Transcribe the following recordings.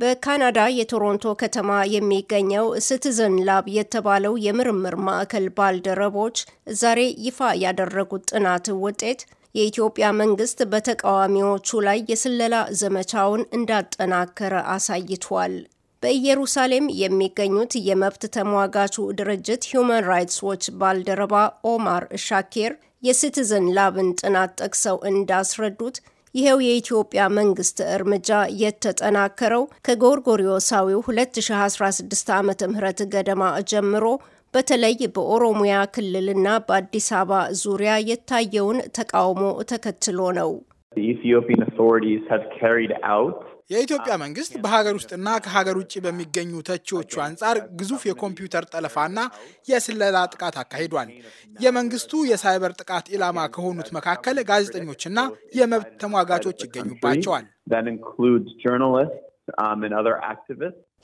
በካናዳ የቶሮንቶ ከተማ የሚገኘው ሲቲዘን ላብ የተባለው የምርምር ማዕከል ባልደረቦች ዛሬ ይፋ ያደረጉት ጥናት ውጤት የኢትዮጵያ መንግስት በተቃዋሚዎቹ ላይ የስለላ ዘመቻውን እንዳጠናከረ አሳይቷል። በኢየሩሳሌም የሚገኙት የመብት ተሟጋቹ ድርጅት ሂዩማን ራይትስ ዎች ባልደረባ ኦማር ሻኬር የሲቲዝን ላብን ጥናት ጠቅሰው እንዳስረዱት ይሄው የኢትዮጵያ መንግስት እርምጃ የተጠናከረው ከጎርጎሪዮሳዊው 2016 ዓ ም ገደማ ጀምሮ በተለይ በኦሮሚያ ክልልና በአዲስ አበባ ዙሪያ የታየውን ተቃውሞ ተከትሎ ነው። የኢትዮጵያ uh, መንግስት በሀገር ውስጥና ከሀገር ውጭ በሚገኙ ተቺዎቹ አንጻር ግዙፍ የኮምፒውተር ጠለፋና የስለላ ጥቃት አካሂዷል። የመንግስቱ የሳይበር ጥቃት ኢላማ ከሆኑት መካከል ጋዜጠኞችና የመብት ተሟጋቾች ይገኙባቸዋል።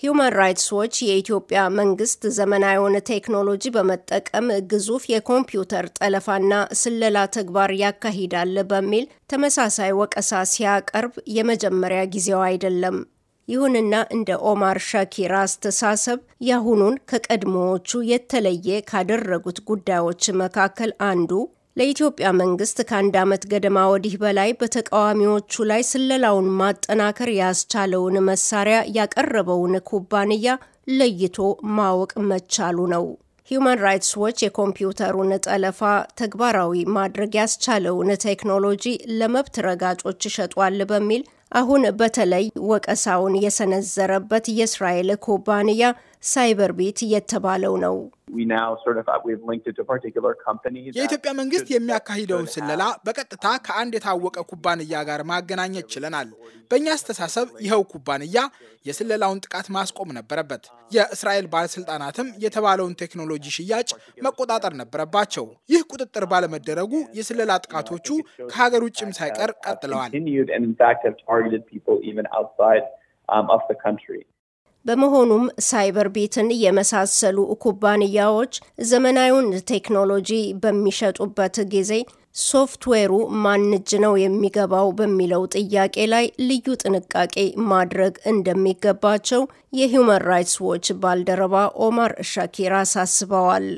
ሂውማን ራይትስ ዎች የኢትዮጵያ መንግስት ዘመናዊውን ቴክኖሎጂ በመጠቀም ግዙፍ የኮምፒውተር ጠለፋና ስለላ ተግባር ያካሂዳል በሚል ተመሳሳይ ወቀሳ ሲያቀርብ የመጀመሪያ ጊዜው አይደለም። ይሁንና እንደ ኦማር ሻኪር አስተሳሰብ ያሁኑን ከቀድሞዎቹ የተለየ ካደረጉት ጉዳዮች መካከል አንዱ ለኢትዮጵያ መንግስት ከአንድ ዓመት ገደማ ወዲህ በላይ በተቃዋሚዎቹ ላይ ስለላውን ማጠናከር ያስቻለውን መሳሪያ ያቀረበውን ኩባንያ ለይቶ ማወቅ መቻሉ ነው። ሂዩማን ራይትስ ዎች የኮምፒውተሩን ጠለፋ ተግባራዊ ማድረግ ያስቻለውን ቴክኖሎጂ ለመብት ረጋጮች ሸጧል በሚል አሁን በተለይ ወቀሳውን የሰነዘረበት የእስራኤል ኩባንያ ሳይበር ቤት የተባለው ነው። Uh, የኢትዮጵያ መንግስት የሚያካሂደውን ስለላ በቀጥታ ከአንድ የታወቀ ኩባንያ ጋር ማገናኘት ችለናል። በእኛ አስተሳሰብ ይኸው ኩባንያ የስለላውን ጥቃት ማስቆም ነበረበት። የእስራኤል ባለስልጣናትም የተባለውን ቴክኖሎጂ ሽያጭ መቆጣጠር ነበረባቸው። ይህ ቁጥጥር ባለመደረጉ የስለላ ጥቃቶቹ ከሀገር ውጭም ሳይቀር ቀጥለዋል። በመሆኑም ሳይበር ቤትን የመሳሰሉ ኩባንያዎች ዘመናዊውን ቴክኖሎጂ በሚሸጡበት ጊዜ ሶፍትዌሩ ማን እጅ ነው የሚገባው በሚለው ጥያቄ ላይ ልዩ ጥንቃቄ ማድረግ እንደሚገባቸው የሂውማን ራይትስ ዎች ባልደረባ ኦማር ሻኪር አሳስበዋል።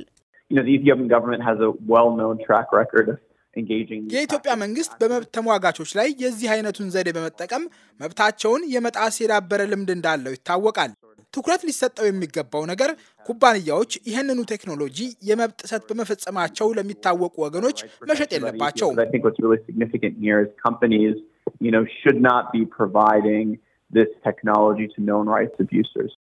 የኢትዮጵያ መንግስት በመብት ተሟጋቾች ላይ የዚህ አይነቱን ዘዴ በመጠቀም መብታቸውን የመጣስ የዳበረ ልምድ እንዳለው ይታወቃል። ትኩረት ሊሰጠው የሚገባው ነገር ኩባንያዎች ይህንኑ ቴክኖሎጂ የመብት ጥሰት በመፈጸማቸው ለሚታወቁ ወገኖች መሸጥ የለባቸውም።